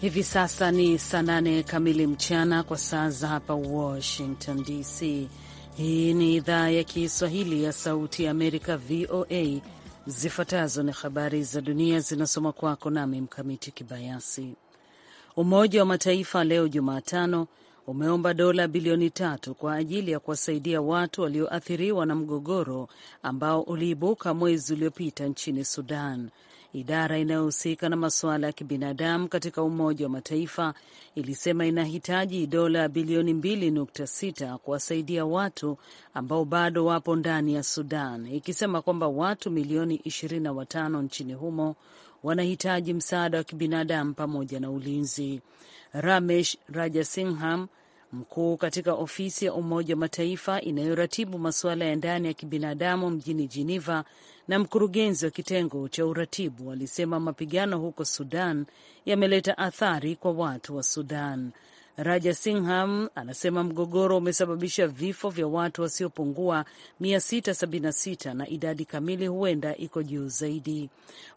Hivi sasa ni saa nane kamili mchana kwa saa za hapa Washington DC. Hii ni idhaa ya Kiswahili ya Sauti ya Amerika, VOA. Zifuatazo ni habari za dunia zinasoma kwako nami Mkamiti Kibayasi. Umoja wa Mataifa leo Jumatano umeomba dola bilioni tatu kwa ajili ya kuwasaidia watu walioathiriwa na mgogoro ambao uliibuka mwezi uliopita nchini Sudan Idara inayohusika na masuala ya kibinadamu katika Umoja wa Mataifa ilisema inahitaji dola bilioni 2.6 kuwasaidia watu ambao bado wapo ndani ya Sudan, ikisema kwamba watu milioni 25 nchini humo wanahitaji msaada wa kibinadamu pamoja na ulinzi. Ramesh Rajasingham mkuu katika ofisi ya Umoja wa Mataifa inayoratibu masuala ya ndani ya kibinadamu mjini Geneva na mkurugenzi wa kitengo cha uratibu alisema mapigano huko Sudan yameleta athari kwa watu wa Sudan. Raja Singham anasema mgogoro umesababisha vifo vya watu wasiopungua 676 na idadi kamili huenda iko juu zaidi.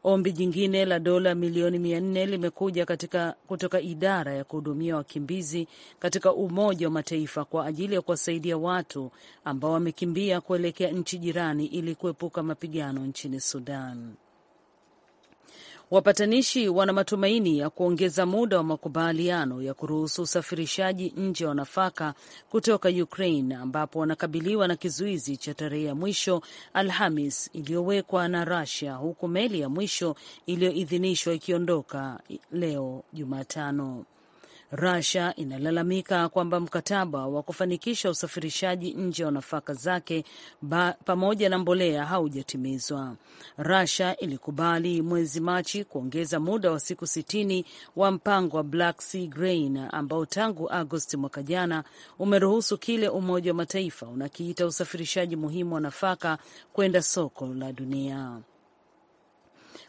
Ombi jingine la dola milioni 400 limekuja katika kutoka idara ya kuhudumia wakimbizi katika Umoja wa Mataifa kwa ajili ya kuwasaidia watu ambao wamekimbia kuelekea nchi jirani ili kuepuka mapigano nchini Sudan. Wapatanishi wana matumaini ya kuongeza muda wa makubaliano ya kuruhusu usafirishaji nje wa nafaka kutoka Ukraine, ambapo wanakabiliwa na kizuizi cha tarehe ya mwisho Alhamis iliyowekwa na Russia, huku meli ya mwisho iliyoidhinishwa ikiondoka leo Jumatano. Russia inalalamika kwamba mkataba wa kufanikisha usafirishaji nje wa nafaka zake ba, pamoja na mbolea haujatimizwa. Russia ilikubali mwezi Machi kuongeza muda wa siku sitini wa mpango wa Black Sea Grain ambao tangu Agosti mwaka jana umeruhusu kile Umoja wa Mataifa unakiita usafirishaji muhimu wa nafaka kwenda soko la dunia.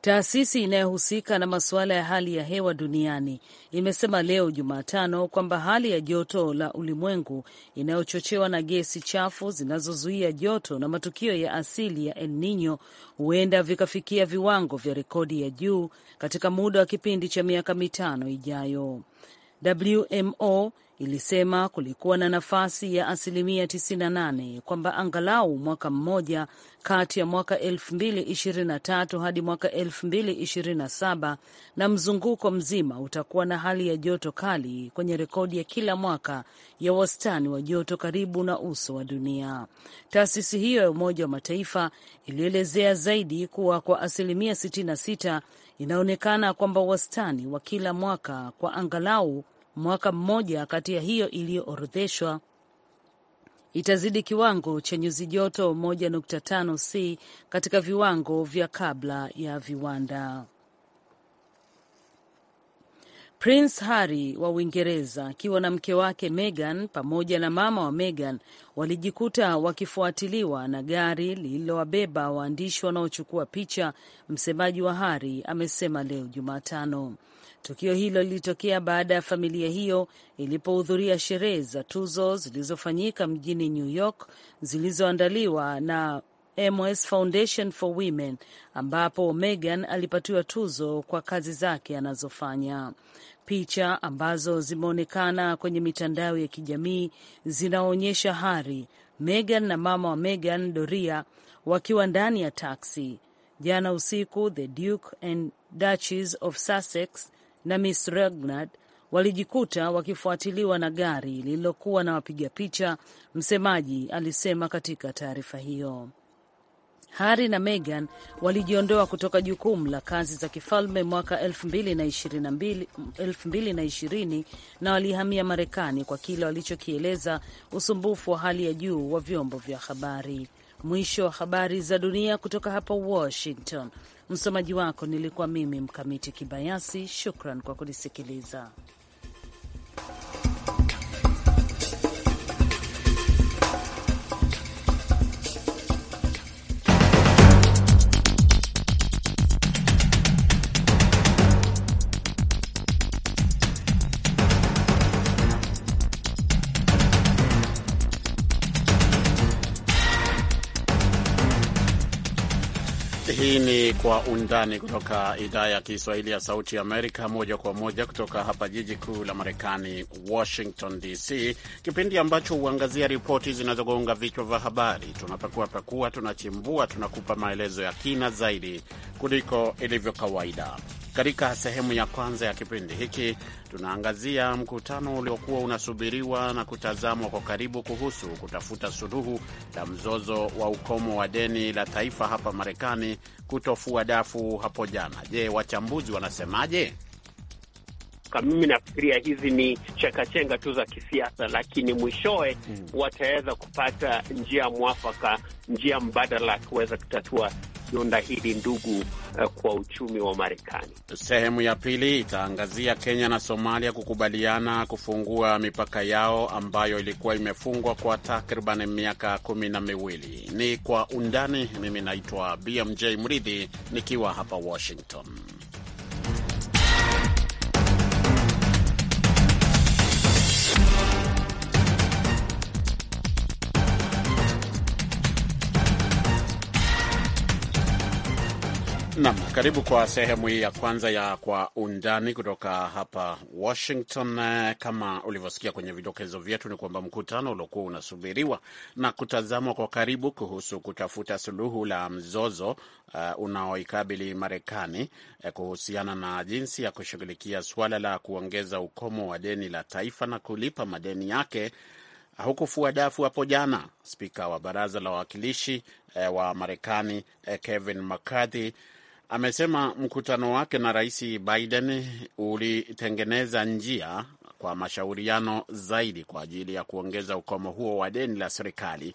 Taasisi inayohusika na masuala ya hali ya hewa duniani imesema leo Jumatano kwamba hali ya joto la ulimwengu inayochochewa na gesi chafu zinazozuia joto na matukio ya asili ya El Nino huenda vikafikia viwango vya rekodi ya juu katika muda wa kipindi cha miaka mitano ijayo. WMO ilisema kulikuwa na nafasi ya asilimia 98 kwamba angalau mwaka mmoja kati ya mwaka 2023 hadi mwaka 2027 na mzunguko mzima utakuwa na hali ya joto kali kwenye rekodi ya kila mwaka ya wastani wa joto karibu na uso wa dunia. Taasisi hiyo ya Umoja wa Mataifa ilielezea zaidi kuwa kwa asilimia 66 inaonekana kwamba wastani wa kila mwaka kwa angalau mwaka mmoja kati ya hiyo iliyoorodheshwa itazidi kiwango cha nyuzi joto 1.5 C katika viwango vya kabla ya viwanda. Prince Harry wa Uingereza akiwa na mke wake Meghan pamoja na mama wa Meghan walijikuta wakifuatiliwa na gari lililowabeba waandishi wanaochukua picha, msemaji wa Harry amesema leo Jumatano. Tukio hilo lilitokea baada ya familia hiyo ilipohudhuria sherehe za tuzo zilizofanyika mjini New York zilizoandaliwa na MS Foundation for Women ambapo Megan alipatiwa tuzo kwa kazi zake anazofanya. Picha ambazo zimeonekana kwenye mitandao ya kijamii zinaonyesha Hari, Megan na mama wa Megan, Doria, wakiwa ndani ya taksi. Jana usiku, the Duke and Duchess of Sussex na Miss Regnard walijikuta wakifuatiliwa na gari lililokuwa na wapiga picha, msemaji alisema katika taarifa hiyo. Harry na Meghan walijiondoa kutoka jukumu la kazi za kifalme mwaka 220 na, na walihamia Marekani kwa kile walichokieleza usumbufu wa hali ya juu wa vyombo vya habari. Mwisho wa habari za dunia kutoka hapa Washington. Msomaji wako nilikuwa mimi Mkamiti Kibayasi. Shukran kwa kunisikiliza. Kwa Undani kutoka idhaa ya Kiswahili ya Sauti ya Amerika, moja kwa moja kutoka hapa jiji kuu la Marekani, Washington DC, kipindi ambacho huangazia ripoti zinazogonga vichwa vya habari. Tunapekuapekua, tunachimbua, tunakupa maelezo ya kina zaidi kuliko ilivyo kawaida. Katika sehemu ya kwanza ya kipindi hiki tunaangazia mkutano uliokuwa unasubiriwa na kutazamwa kwa karibu kuhusu kutafuta suluhu la mzozo wa ukomo wa deni la taifa hapa Marekani kutofua dafu hapo jana. Je, wachambuzi wanasemaje? Mimi nafikiria hizi ni chekachenga tu za kisiasa, lakini mwishowe hmm. wataweza kupata njia mwafaka, njia mbadala ya kuweza kutatua donda hili ndugu eh, kwa uchumi wa Marekani. Sehemu ya pili itaangazia Kenya na Somalia kukubaliana kufungua mipaka yao ambayo ilikuwa imefungwa kwa takriban miaka kumi na miwili. Ni kwa undani. Mimi naitwa BMJ Mridhi nikiwa hapa Washington. Nam, karibu kwa sehemu hii ya kwanza ya Kwa Undani kutoka hapa Washington. Eh, kama ulivyosikia kwenye vidokezo vyetu, ni kwamba mkutano uliokuwa unasubiriwa na kutazamwa kwa karibu kuhusu kutafuta suluhu la mzozo uh, unaoikabili Marekani uh, kuhusiana na jinsi ya kushughulikia suala la kuongeza ukomo wa deni la taifa na kulipa madeni yake hukufua dafu hapo jana. Spika wa baraza la wawakilishi eh, wa Marekani eh, Kevin McCarthy amesema mkutano wake na Rais Biden ulitengeneza njia kwa mashauriano zaidi kwa ajili ya kuongeza ukomo huo wa deni la serikali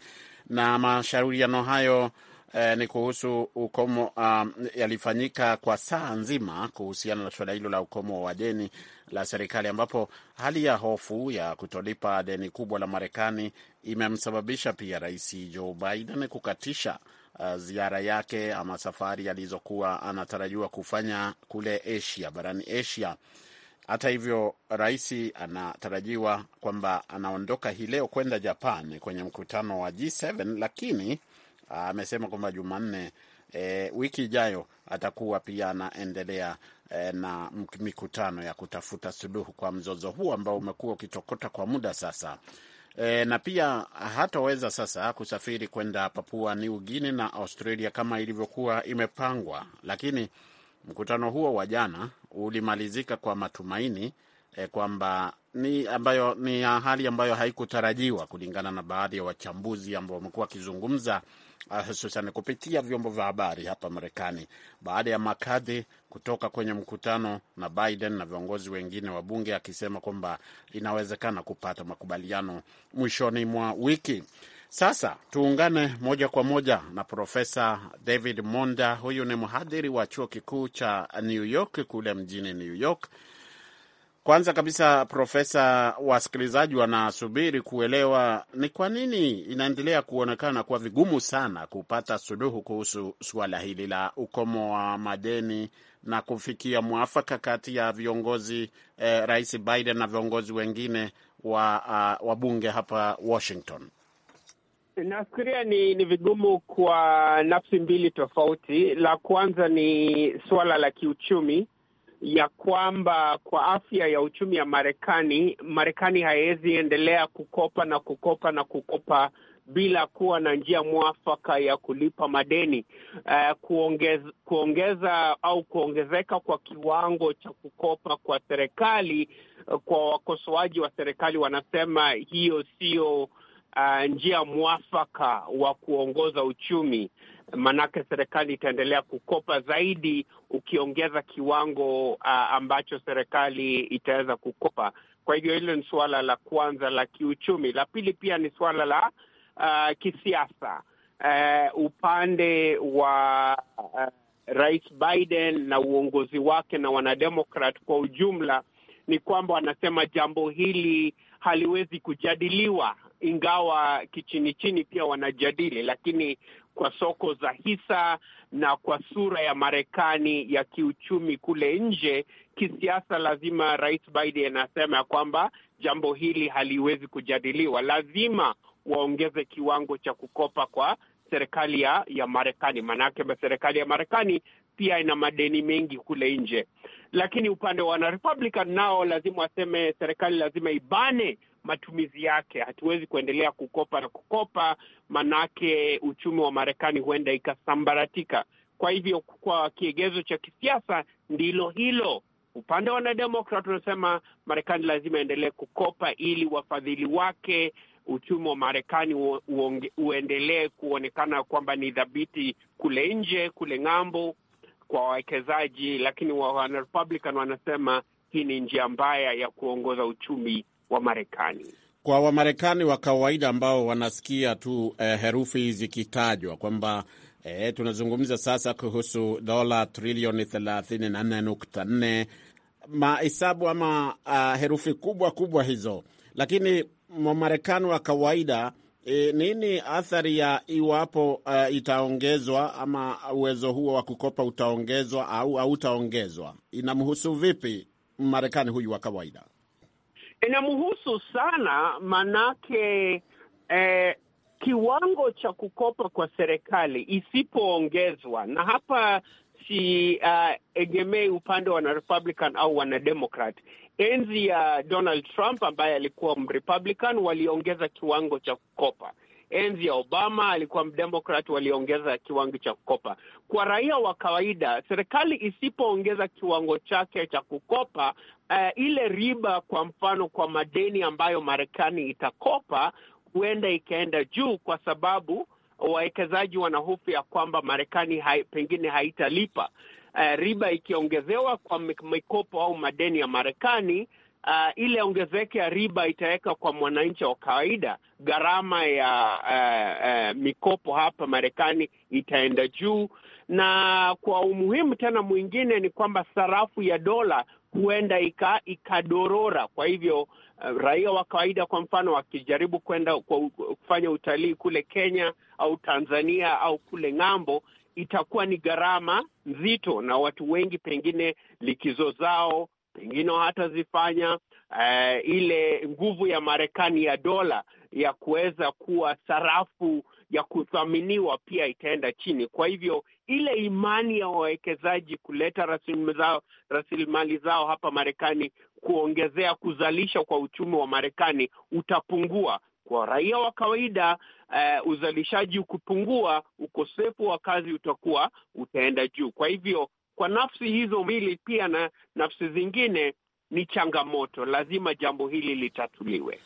na mashauriano hayo eh, ni kuhusu ukomo um, yalifanyika kwa saa nzima kuhusiana na suala hilo la ukomo wa deni la serikali, ambapo hali ya hofu ya kutolipa deni kubwa la Marekani imemsababisha pia Rais Joe Biden kukatisha uh, ziara yake ama safari alizokuwa anatarajiwa kufanya kule Asia, barani Asia. Hata hivyo rais anatarajiwa kwamba anaondoka hii leo kwenda Japan kwenye mkutano wa G7, lakini amesema kwamba Jumanne e, wiki ijayo atakuwa pia anaendelea e, na mikutano ya kutafuta suluhu kwa mzozo huo ambao umekuwa ukitokota kwa muda sasa. E, na pia hataweza sasa kusafiri kwenda Papua New Guinea na Australia kama ilivyokuwa imepangwa, lakini mkutano huo wa jana ulimalizika kwa matumaini e, kwamba ni ambayo ni hali ambayo haikutarajiwa kulingana na baadhi ya wachambuzi ambao wamekuwa wakizungumza Ah, hususan kupitia vyombo vya habari hapa Marekani baada ya makadhi kutoka kwenye mkutano na Biden na viongozi wengine wa bunge akisema kwamba inawezekana kupata makubaliano mwishoni mwa wiki. Sasa tuungane moja kwa moja na Profesa David Monda. Huyu ni mhadhiri wa chuo kikuu cha New York kule mjini New York kwanza kabisa, Profesa, wasikilizaji wanasubiri kuelewa ni kwa nini inaendelea kuonekana kuwa vigumu sana kupata suluhu kuhusu suala hili la ukomo wa madeni na kufikia mwafaka kati ya viongozi eh, Rais Biden na viongozi wengine wa uh, ah, bunge hapa Washington. Nafikiria ni, ni vigumu kwa nafsi mbili tofauti. La kwanza ni suala la kiuchumi ya kwamba kwa afya ya uchumi ya Marekani, Marekani haiwezi endelea kukopa na kukopa na kukopa bila kuwa na njia mwafaka ya kulipa madeni. Uh, eh, kuongeza, kuongeza au kuongezeka kwa kiwango cha kukopa kwa serikali, kwa wakosoaji wa serikali wanasema hiyo sio uh, njia mwafaka wa kuongoza uchumi maanake serikali itaendelea kukopa zaidi ukiongeza kiwango uh, ambacho serikali itaweza kukopa. Kwa hivyo hilo ni suala la kwanza la kiuchumi. La pili pia ni suala la uh, kisiasa uh, upande wa uh, Rais Biden na uongozi wake na wanademokrat kwa ujumla ni kwamba wanasema jambo hili haliwezi kujadiliwa, ingawa kichini chini pia wanajadili, lakini kwa soko za hisa na kwa sura ya Marekani ya kiuchumi kule nje. Kisiasa lazima Rais Biden anasema ya kwamba jambo hili haliwezi kujadiliwa, lazima waongeze kiwango cha kukopa kwa serikali ya ya Marekani, maanake serikali ya Marekani pia ina madeni mengi kule nje. Lakini upande wa wanarepublican nao lazima waseme serikali lazima ibane matumizi yake. Hatuwezi kuendelea kukopa na kukopa, manake uchumi wa Marekani huenda ikasambaratika. Kwa hivyo, kwa kiegezo cha kisiasa ndilo hilo. Upande wa wanademokrat unasema Marekani lazima endelee kukopa ili wafadhili wake uchumi wa Marekani uendelee kuonekana kwamba ni dhabiti kule nje, kule ng'ambo kwa wawekezaji. Lakini wanarepublican wanasema hii ni njia mbaya ya kuongoza uchumi wa Marekani. Kwa Wamarekani wa kawaida ambao wanasikia tu eh, herufi zikitajwa kwamba eh, tunazungumza sasa kuhusu dola trilioni 34.4 mahesabu ama uh, herufi kubwa kubwa hizo, lakini Wamarekani wa kawaida E, nini athari ya iwapo uh, itaongezwa ama uwezo huo wa kukopa utaongezwa au hautaongezwa? Inamhusu vipi Marekani huyu wa kawaida? inamhusu sana manake eh, kiwango cha kukopa kwa serikali isipoongezwa, na hapa siegemei uh, upande wa Republican au wanademokrat. Enzi ya Donald Trump ambaye alikuwa mrepublican, waliongeza kiwango cha kukopa enzi ya Obama alikuwa mdemokrat, waliongeza kiwango cha kukopa kwa raia wa kawaida. Serikali isipoongeza kiwango chake cha kukopa, uh, ile riba kwa mfano kwa madeni ambayo Marekani itakopa huenda ikaenda juu kwa sababu wawekezaji wanahofu ya kwamba Marekani hai, pengine haitalipa uh, riba ikiongezewa kwa mikopo au madeni ya Marekani uh, ile ongezeko ya riba itaweka kwa mwananchi wa kawaida, gharama ya uh, uh, mikopo hapa Marekani itaenda juu, na kwa umuhimu tena mwingine ni kwamba sarafu ya dola huenda ika, ikadorora. Kwa hivyo uh, raia wa kawaida, kwa mfano, wakijaribu kwenda kufanya utalii kule Kenya au Tanzania au kule ng'ambo, itakuwa ni gharama nzito, na watu wengi pengine likizo zao pengine hatazifanya uh, eh, ile nguvu ya Marekani ya dola ya kuweza kuwa sarafu ya kuthaminiwa pia itaenda chini. Kwa hivyo ile imani ya wawekezaji kuleta rasilimali zao hapa Marekani, kuongezea kuzalisha kwa uchumi wa Marekani utapungua. Kwa raia wa kawaida uh, uzalishaji ukipungua, ukosefu wa kazi utakuwa utaenda juu. Kwa hivyo kwa nafsi hizo mbili pia na nafsi zingine ni changamoto. Lazima jambo hili litatuliwe.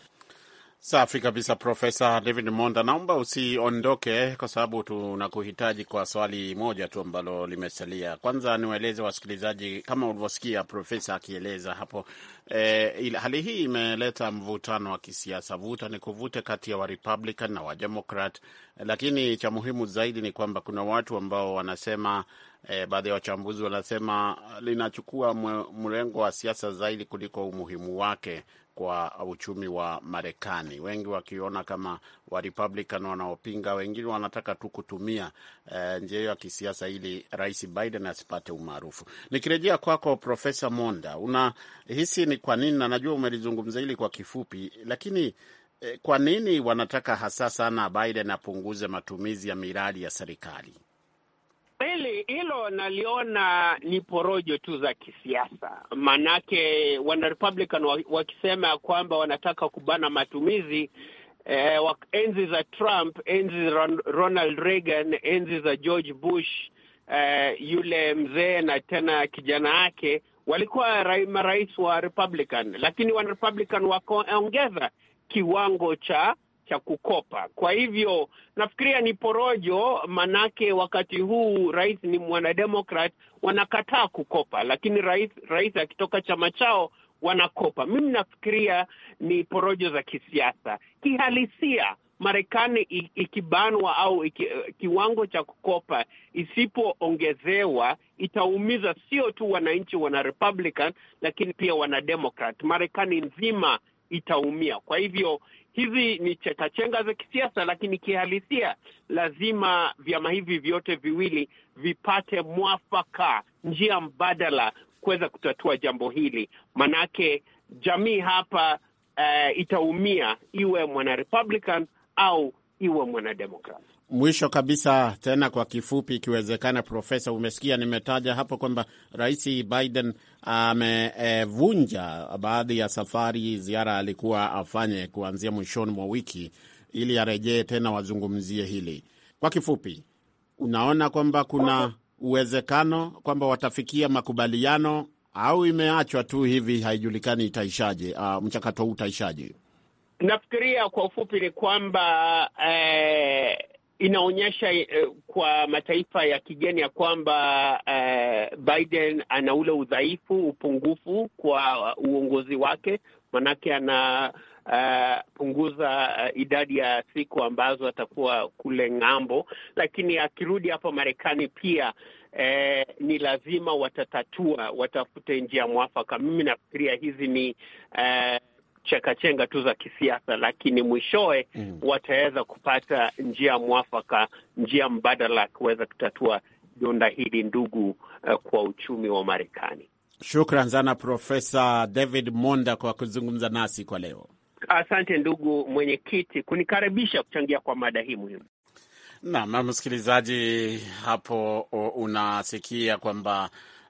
Safi kabisa, Profesa David Monda, naomba usiondoke kwa sababu tunakuhitaji kwa swali moja tu ambalo limesalia. Kwanza niwaeleze wasikilizaji, kama ulivyosikia profesa akieleza hapo eh, hali hii imeleta mvutano wa kisiasa, vuta ni kuvute kati ya Warepublican na Wademokrat, lakini cha muhimu zaidi ni kwamba kuna watu ambao wanasema e, baadhi ya wachambuzi wanasema linachukua mrengo wa siasa zaidi kuliko umuhimu wake kwa uchumi wa Marekani, wengi wakiona kama wa Republican wanaopinga, wengine wanataka tu kutumia e, njia hiyo ya kisiasa ili Rais Biden asipate umaarufu. Nikirejea kwako Profesa Monda, unahisi ni kwa nini, na najua umelizungumza hili kwa kifupi, lakini e, kwa nini wanataka hasa sana Biden apunguze matumizi ya miradi ya serikali? kweli hilo naliona ni porojo tu za kisiasa, maanake wana Republican wakisema kwamba wanataka kubana matumizi eh, enzi za Trump, enzi za Ronald Reagan, enzi za George Bush eh, yule mzee na tena kijana yake walikuwa marais wa Republican, lakini wana Republican wakaongeza kiwango cha cha kukopa. Kwa hivyo nafikiria ni porojo, manake wakati huu rais ni mwanademokrat, wanakataa kukopa, lakini rais rais akitoka chama chao wanakopa. Mimi nafikiria ni porojo za kisiasa. Kihalisia, Marekani ikibanwa au iki, kiwango cha kukopa isipoongezewa itaumiza sio tu wananchi wana Republican, lakini pia wana Democrat. Marekani nzima itaumia. Kwa hivyo hizi ni chetachenga za kisiasa, lakini kihalisia lazima vyama hivi vyote viwili vipate mwafaka, njia mbadala kuweza kutatua jambo hili, manake jamii hapa uh, itaumia, iwe mwana Republican au iwe mwana Democrat. Mwisho kabisa tena kwa kifupi ikiwezekana, Profesa, umesikia nimetaja hapo kwamba Rais Biden amevunja e, baadhi ya safari ziara alikuwa afanye kuanzia mwishoni mwa wiki ili arejee tena wazungumzie hili. Kwa kifupi, unaona kwamba kuna uwezekano kwamba watafikia makubaliano au imeachwa tu hivi, haijulikani itaishaje, uh, mchakato huu utaishaje? Nafikiria kwa ufupi ni kwamba eh, inaonyesha eh, kwa mataifa ya kigeni ya kwamba eh, Biden ana ule udhaifu, upungufu kwa uongozi wake, manake ana uh, punguza uh, idadi ya siku ambazo atakuwa kule ng'ambo, lakini akirudi hapa Marekani pia Eh, ni lazima watatatua, watafute njia mwafaka. Mimi nafikiria hizi ni eh, chekachenga tu za kisiasa, lakini mwishowe mm, wataweza kupata njia mwafaka, njia mbadala ya kuweza kutatua donda hili ndugu uh, kwa uchumi wa Marekani. Shukran sana Profesa David Monda kwa kuzungumza nasi kwa leo. Asante ndugu mwenyekiti kunikaribisha kuchangia kwa mada hii muhimu. Naam, msikilizaji, hapo unasikia kwamba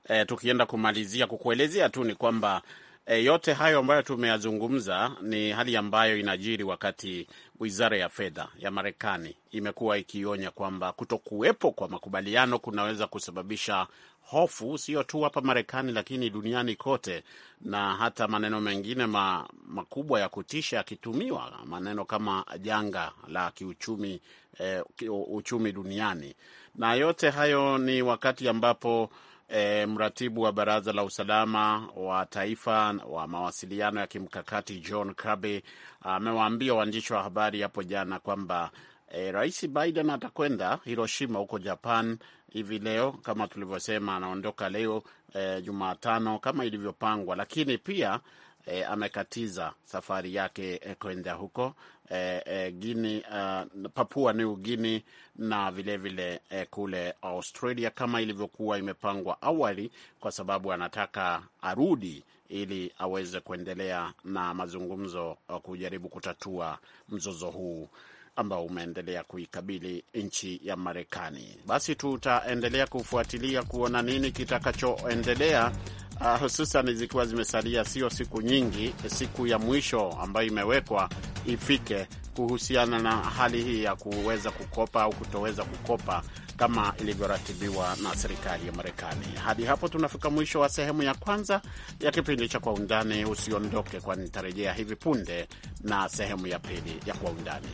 eh, tukienda kumalizia kukuelezea tu ni kwamba E, yote hayo ambayo tumeyazungumza ni hali ambayo inajiri wakati wizara ya fedha ya Marekani imekuwa ikionya kwamba kutokuwepo kwa makubaliano kunaweza kusababisha hofu sio tu hapa Marekani lakini duniani kote, na hata maneno mengine ma, makubwa ya kutisha yakitumiwa, maneno kama janga la kiuchumi eh, uchumi duniani. Na yote hayo ni wakati ambapo e, mratibu wa baraza la usalama wa taifa wa mawasiliano ya kimkakati John Kirby amewaambia waandishi wa habari hapo jana kwamba e, Rais Biden atakwenda Hiroshima huko Japan hivi leo, kama tulivyosema, anaondoka leo e, Jumatano kama ilivyopangwa, lakini pia E, amekatiza safari yake e, kwenda huko eh, eh, Guinea, eh, Papua New gini na vilevile vile, eh, kule Australia kama ilivyokuwa imepangwa awali, kwa sababu anataka arudi ili aweze kuendelea na mazungumzo eh, kujaribu kutatua mzozo huu ambao umeendelea kuikabili nchi ya Marekani. Basi tutaendelea kufuatilia kuona nini kitakachoendelea uh, hususan zikiwa zimesalia sio siku nyingi, siku ya mwisho ambayo imewekwa ifike kuhusiana na hali hii ya kuweza kukopa au kutoweza kukopa kama ilivyoratibiwa na serikali ya Marekani. Hadi hapo tunafika mwisho wa sehemu ya kwanza ya kipindi cha Kwa Undani. Usiondoke, kwani nitarejea hivi punde na sehemu ya pili ya Kwa Undani.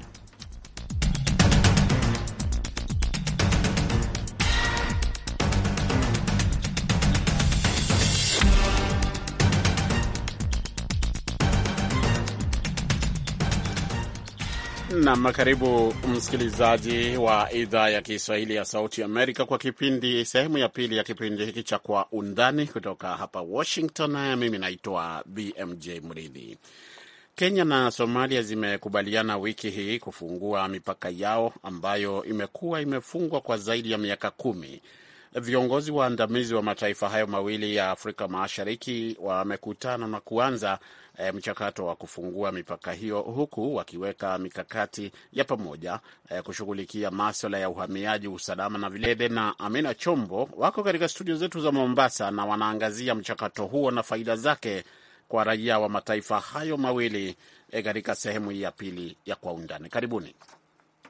Nam, karibu msikilizaji wa idhaa ya Kiswahili ya Sauti Amerika kwa kipindi sehemu ya pili ya kipindi hiki cha Kwa Undani kutoka hapa Washington. Mimi naitwa BMJ Mridhi. Kenya na Somalia zimekubaliana wiki hii kufungua mipaka yao ambayo imekuwa imefungwa kwa zaidi ya miaka kumi Viongozi waandamizi wa mataifa hayo mawili ya Afrika Mashariki wamekutana na kuanza e, mchakato wa kufungua mipaka hiyo huku wakiweka mikakati ya pamoja e, kushughulikia maswala ya uhamiaji, usalama na vilede. Na Amina Chombo wako katika studio zetu za Mombasa na wanaangazia mchakato huo na faida zake kwa raia wa mataifa hayo mawili eh, katika e, sehemu hii ya pili ya Kwa Undani. Karibuni.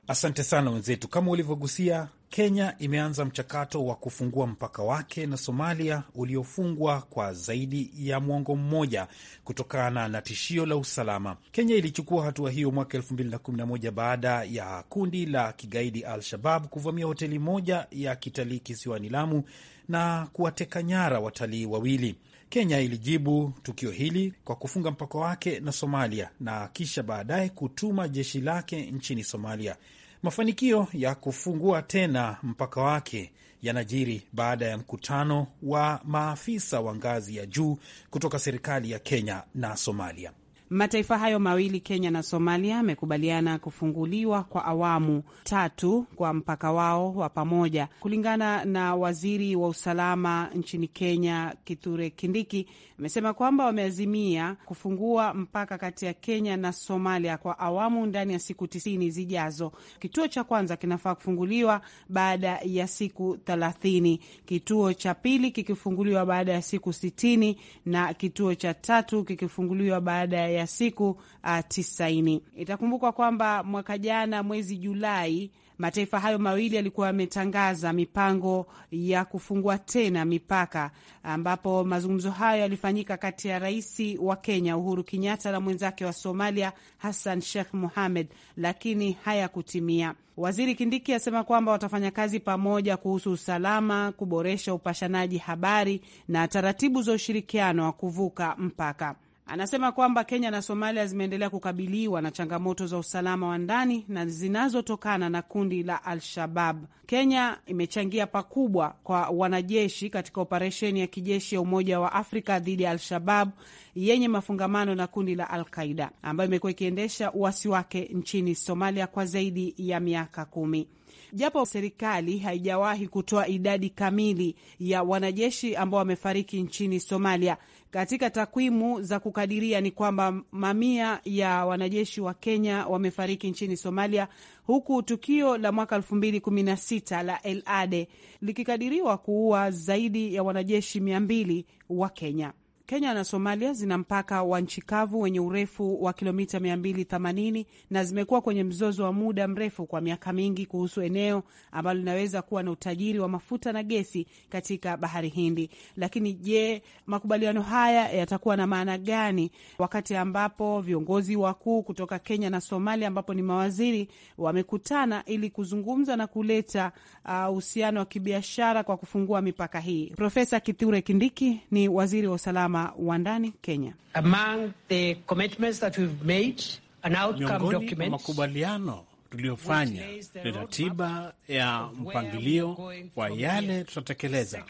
Asante sana wenzetu, kama ulivyogusia Kenya imeanza mchakato wa kufungua mpaka wake na Somalia uliofungwa kwa zaidi ya mwongo mmoja kutokana na tishio la usalama. Kenya ilichukua hatua hiyo mwaka 2011 baada ya kundi la kigaidi Al-Shabab kuvamia hoteli moja ya kitalii kisiwani Lamu na kuwateka nyara watalii wawili. Kenya ilijibu tukio hili kwa kufunga mpaka wake na Somalia na kisha baadaye kutuma jeshi lake nchini Somalia. Mafanikio ya kufungua tena mpaka wake yanajiri baada ya mkutano wa maafisa wa ngazi ya juu kutoka serikali ya Kenya na Somalia. Mataifa hayo mawili Kenya na Somalia amekubaliana kufunguliwa kwa awamu tatu kwa mpaka wao wa pamoja, kulingana na waziri wa usalama nchini Kenya Kithure Kindiki amesema kwamba wameazimia kufungua mpaka kati ya Kenya na Somalia kwa awamu ndani ya siku tisini zijazo. Kituo cha kwanza kinafaa kufunguliwa baada ya siku thelathini, kituo cha pili kikifunguliwa baada ya siku sitini na kituo cha tatu kikifunguliwa baada ya ya siku ah, tisaini. Itakumbukwa kwamba mwaka jana mwezi Julai mataifa hayo mawili yalikuwa yametangaza mipango ya kufungua tena mipaka, ambapo mazungumzo hayo yalifanyika kati ya rais wa Kenya Uhuru Kenyatta na mwenzake wa Somalia Hassan Sheikh Mohamed, lakini hayakutimia. Waziri Kindiki asema kwamba watafanya kazi pamoja kuhusu usalama, kuboresha upashanaji habari na taratibu za ushirikiano wa kuvuka mpaka. Anasema kwamba Kenya na Somalia zimeendelea kukabiliwa na changamoto za usalama wa ndani na zinazotokana na kundi la Al-Shabab. Kenya imechangia pakubwa kwa wanajeshi katika operesheni ya kijeshi ya Umoja wa Afrika dhidi ya Al-Shabab yenye mafungamano na kundi la Al-Qaida ambayo imekuwa ikiendesha uasi wake nchini Somalia kwa zaidi ya miaka kumi japo serikali haijawahi kutoa idadi kamili ya wanajeshi ambao wamefariki nchini Somalia. Katika takwimu za kukadiria ni kwamba mamia ya wanajeshi wa Kenya wamefariki nchini Somalia, huku tukio la mwaka 2016 la El Ade likikadiriwa kuua zaidi ya wanajeshi 200 wa Kenya. Kenya na Somalia zina mpaka wa nchi kavu wenye urefu wa kilomita 280 na zimekuwa kwenye mzozo wa muda mrefu kwa miaka mingi kuhusu eneo ambalo linaweza kuwa na utajiri wa mafuta na gesi katika bahari Hindi. Lakini je, makubaliano haya yatakuwa na maana gani wakati ambapo viongozi wakuu kutoka Kenya na Somalia, ambapo ni mawaziri, wamekutana ili kuzungumza na kuleta uh, uhusiano wa kibiashara kwa kufungua mipaka hii? Profesa Kithure Kindiki ni waziri wa usalama usalama wa ndani Kenya. Among the commitments that we've made, an outcome document, makubaliano tuliyofanya ni ratiba ya mpangilio wa yale tutatekeleza.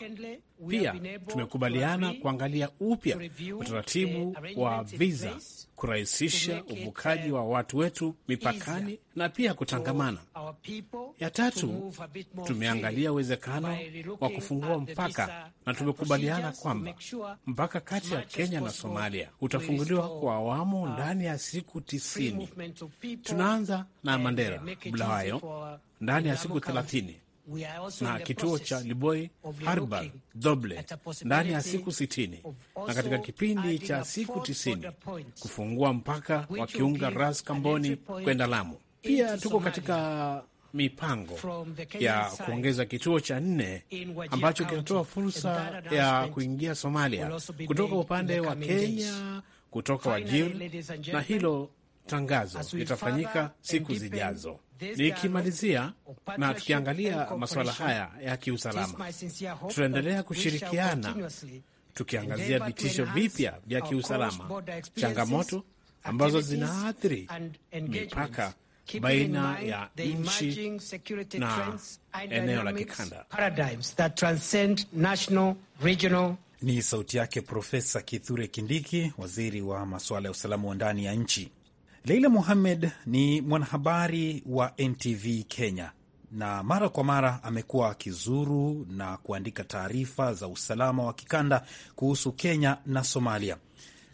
Pia tumekubaliana kuangalia upya utaratibu wa viza kurahisisha uvukaji uh, wa watu wetu mipakani na pia kutangamana. Ya tatu, tumeangalia uwezekano wa kufungua mpaka na tumekubaliana kwamba mpaka kati ya Kenya na Somalia utafunguliwa kwa awamu ndani ya siku tisini. Tunaanza na Mandera Bulawayo ndani ya siku thelathini na kituo cha Liboi, Harbar, Doble ndani ya siku sitini na katika kipindi cha siku tisini kufungua mpaka wa kiunga Ras Kamboni kwenda Lamu. Pia tuko katika mipango ya kuongeza kituo cha nne ambacho kitatoa fursa ya kuingia Somalia kutoka upande wa Kenya, kutoka Wajir, na hilo tangazo litafanyika siku zijazo. Nikimalizia na tukiangalia masuala haya ya kiusalama, tutaendelea kushirikiana tukiangazia vitisho vipya vya kiusalama, changamoto ambazo zinaathiri mipaka baina ya nchi na eneo la kikanda. Ni sauti yake Profesa Kithure Kindiki, waziri wa masuala ya usalama wa ndani ya nchi. Leila muhamed ni mwanahabari wa NTV Kenya na mara kwa mara amekuwa akizuru na kuandika taarifa za usalama wa kikanda kuhusu Kenya na Somalia.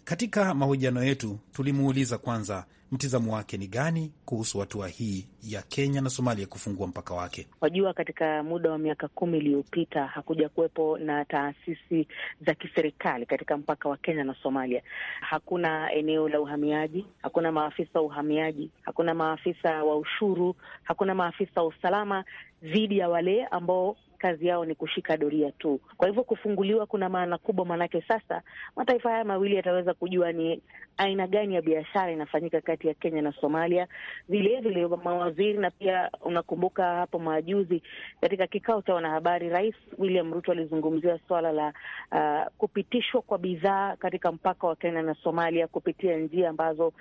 Katika mahojiano yetu tulimuuliza kwanza mtizamo wake ni gani kuhusu hatua hii ya Kenya na Somalia kufungua mpaka wake? Wajua, katika muda wa miaka kumi iliyopita hakuja kuwepo na taasisi za kiserikali katika mpaka wa Kenya na Somalia. Hakuna eneo la uhamiaji, hakuna maafisa wa uhamiaji, hakuna maafisa wa ushuru, hakuna maafisa wa usalama dhidi ya wale ambao kazi yao ni kushika doria tu. Kwa hivyo kufunguliwa kuna maana kubwa, maanake sasa mataifa haya mawili yataweza kujua ni aina gani ya biashara inafanyika kati ya Kenya na Somalia. Vilevile mawaziri na pia, unakumbuka hapo majuzi katika kikao cha wanahabari, Rais William Ruto alizungumzia swala la uh, kupitishwa kwa bidhaa katika mpaka wa Kenya na Somalia kupitia njia ambazo uh,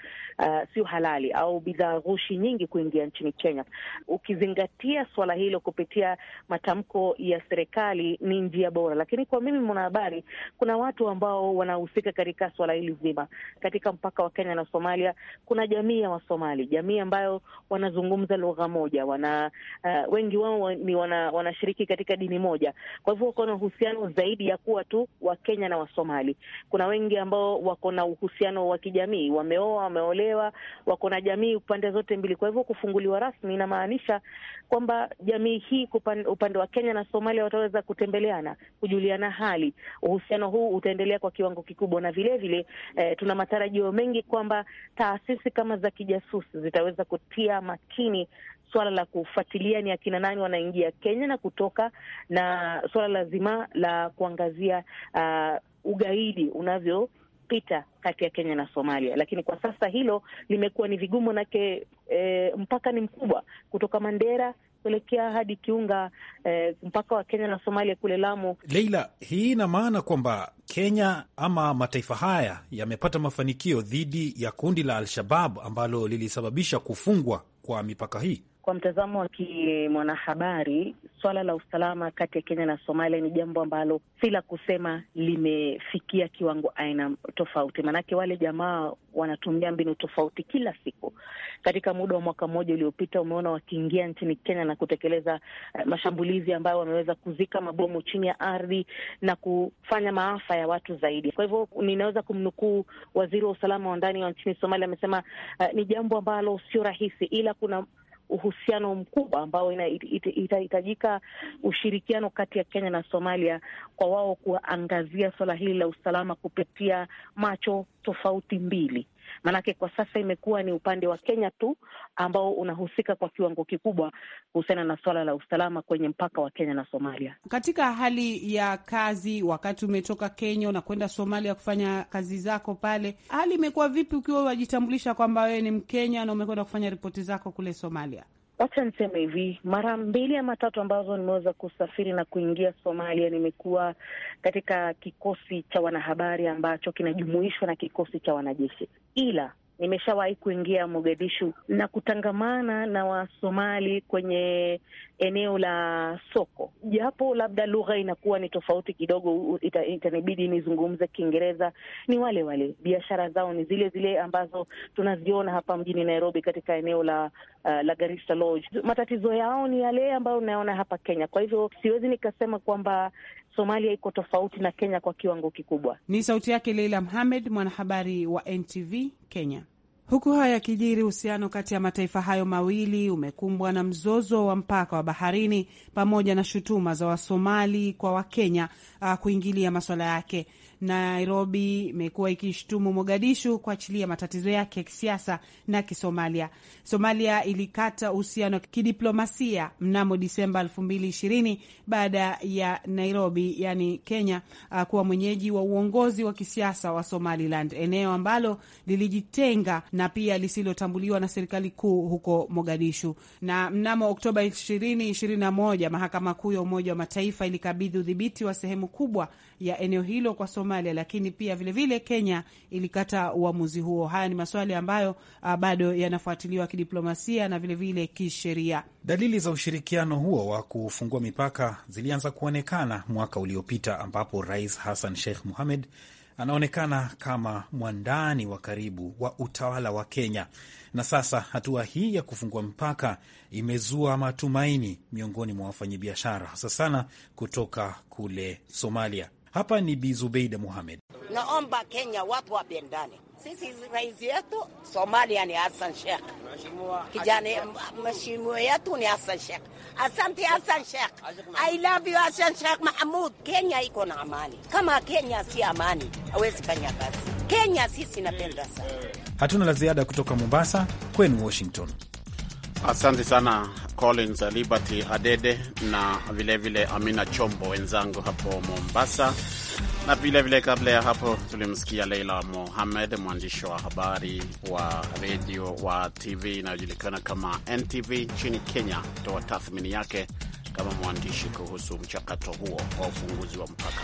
sio halali au bidhaa ghushi nyingi kuingia nchini Kenya. Ukizingatia swala hilo kupitia matamko ya serikali ni njia bora, lakini kwa mimi mwanahabari, kuna watu ambao wanahusika katika swala hili zima. Katika mpaka wa Kenya na Somalia kuna jamii ya Wasomali, jamii ambayo wanazungumza lugha moja, wana uh, wengi wao ni wana, wanashiriki katika dini moja, kwa hivyo wako na uhusiano zaidi ya kuwa tu Wakenya na Wasomali. Kuna wengi ambao wako na uhusiano wa kijamii, wameoa, wameolewa, wako na jamii pande zote mbili. Kwa hivyo kufunguliwa rasmi inamaanisha kwamba jamii hii upande wa Kenya na Somalia wataweza kutembeleana, kujuliana hali. Uhusiano huu utaendelea kwa kiwango kikubwa, na vilevile vile, eh, tuna matarajio mengi kwamba taasisi kama za kijasusi zitaweza kutia makini suala la kufuatilia ni akina nani wanaingia Kenya na kutoka, na suala lazima la kuangazia uh, ugaidi unavyopita kati ya Kenya na Somalia. Lakini kwa sasa hilo limekuwa ni vigumu, manake e, mpaka ni mkubwa kutoka Mandera kuelekea hadi kiunga eh, mpaka wa Kenya na Somalia kule Lamu. Leila, hii ina maana kwamba Kenya ama mataifa haya yamepata mafanikio dhidi ya kundi la Al-Shabab ambalo lilisababisha kufungwa kwa mipaka hii. Kwa mtazamo wa kimwanahabari, swala la usalama kati ya Kenya na Somalia ni jambo ambalo si la kusema limefikia kiwango aina tofauti, maanake wale jamaa wanatumia mbinu tofauti kila siku. Katika muda wa mwaka mmoja uliopita, umeona wakiingia nchini Kenya na kutekeleza eh, mashambulizi ambayo wameweza kuzika mabomu chini ya ardhi na kufanya maafa ya watu zaidi. Kwa hivyo ninaweza kumnukuu waziri wa usalama wa ndani wa nchini Somalia amesema, uh, ni jambo ambalo sio rahisi, ila kuna uhusiano mkubwa ambao itahitajika ushirikiano kati ya Kenya na Somalia kwa wao kuangazia suala hili la usalama kupitia macho tofauti mbili. Maanake kwa sasa imekuwa ni upande wa Kenya tu ambao unahusika kwa kiwango kikubwa kuhusiana na suala la usalama kwenye mpaka wa Kenya na Somalia. Katika hali ya kazi, wakati umetoka Kenya unakwenda Somalia kufanya kazi zako pale, hali imekuwa vipi ukiwa unajitambulisha kwamba wewe ni Mkenya na umekwenda kufanya ripoti zako kule Somalia? wacha niseme hivi, mara mbili ama tatu ambazo nimeweza kusafiri na kuingia Somalia, nimekuwa katika kikosi cha wanahabari ambacho kinajumuishwa na kikosi cha wanajeshi, ila Nimeshawahi kuingia Mogadishu na kutangamana na Wasomali kwenye eneo la soko, japo labda lugha inakuwa ni tofauti kidogo, ita, itanibidi nizungumze Kiingereza. Ni wale wale, biashara zao ni zile zile ambazo tunaziona hapa mjini Nairobi, katika eneo la uh, la Garissa Lodge. Matatizo yao ni yale ambayo unaona hapa Kenya. Kwa hivyo siwezi nikasema kwamba Somalia iko tofauti na Kenya kwa kiwango kikubwa. Ni sauti yake Leila Mohamed, mwanahabari wa NTV Kenya. Huku haya yakijiri, uhusiano kati ya mataifa hayo mawili umekumbwa na mzozo wa mpaka wa baharini pamoja na shutuma za Wasomali kwa Wakenya ah, kuingilia masuala yake. Nairobi imekuwa ikishtumu Mogadishu kuachilia matatizo yake ya kisiasa na kisomalia. Somalia ilikata uhusiano wa kidiplomasia mnamo Disemba 2020 baada ya Nairobi, yani Kenya, uh, kuwa mwenyeji wa uongozi wa kisiasa wa Somaliland, eneo ambalo lilijitenga na pia lisilotambuliwa na serikali kuu huko Mogadishu. Na mnamo Oktoba 2021 mahakama kuu ya Umoja wa Mataifa ilikabidhi udhibiti wa sehemu kubwa ya eneo hilo kwa Somalia Somalia, lakini pia vilevile vile Kenya ilikata uamuzi huo. Haya ni maswali ambayo ah, bado yanafuatiliwa kidiplomasia na vilevile kisheria. Dalili za ushirikiano huo wa kufungua mipaka zilianza kuonekana mwaka uliopita ambapo Rais Hassan Sheikh Mohamed anaonekana kama mwandani wa karibu wa utawala wa Kenya, na sasa hatua hii ya kufungua mpaka imezua matumaini miongoni mwa wafanyabiashara hasa sana kutoka kule Somalia. Hapa ni Bi Zubeida Muhamed. Naomba Kenya watu wapendane. Sisi rais yetu Somalia ni Hassan Sheikh, kijana mheshimiwa yetu ni Hassan Sheikh. Asante Hassan Sheikh, I love you Hassan Sheikh Mahmud. Kenya iko na amani, kama Kenya si amani hawezi fanya kazi. Kenya sisi napenda sana. Hatuna la ziada kutoka Mombasa, kwenu Washington. Asante sana Collins Liberty Adede na vilevile vile Amina Chombo wenzangu hapo Mombasa, na vilevile vile kabla ya hapo tulimsikia Leila Mohamed, mwandishi wa habari wa redio wa TV inayojulikana kama NTV nchini Kenya, toa tathmini yake kama mwandishi kuhusu mchakato huo wa ufunguzi wa mpaka.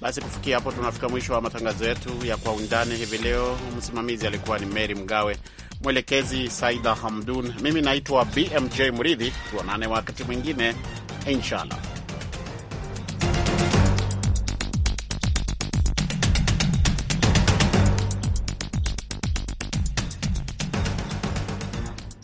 Basi kufikia hapo tunafika mwisho wa matangazo yetu ya Kwa Undani hivi leo. Msimamizi alikuwa ni Mary Mgawe mwelekezi Saida Hamdun, mimi naitwa BMJ mridhi Tuonane wakati mwingine inshallah.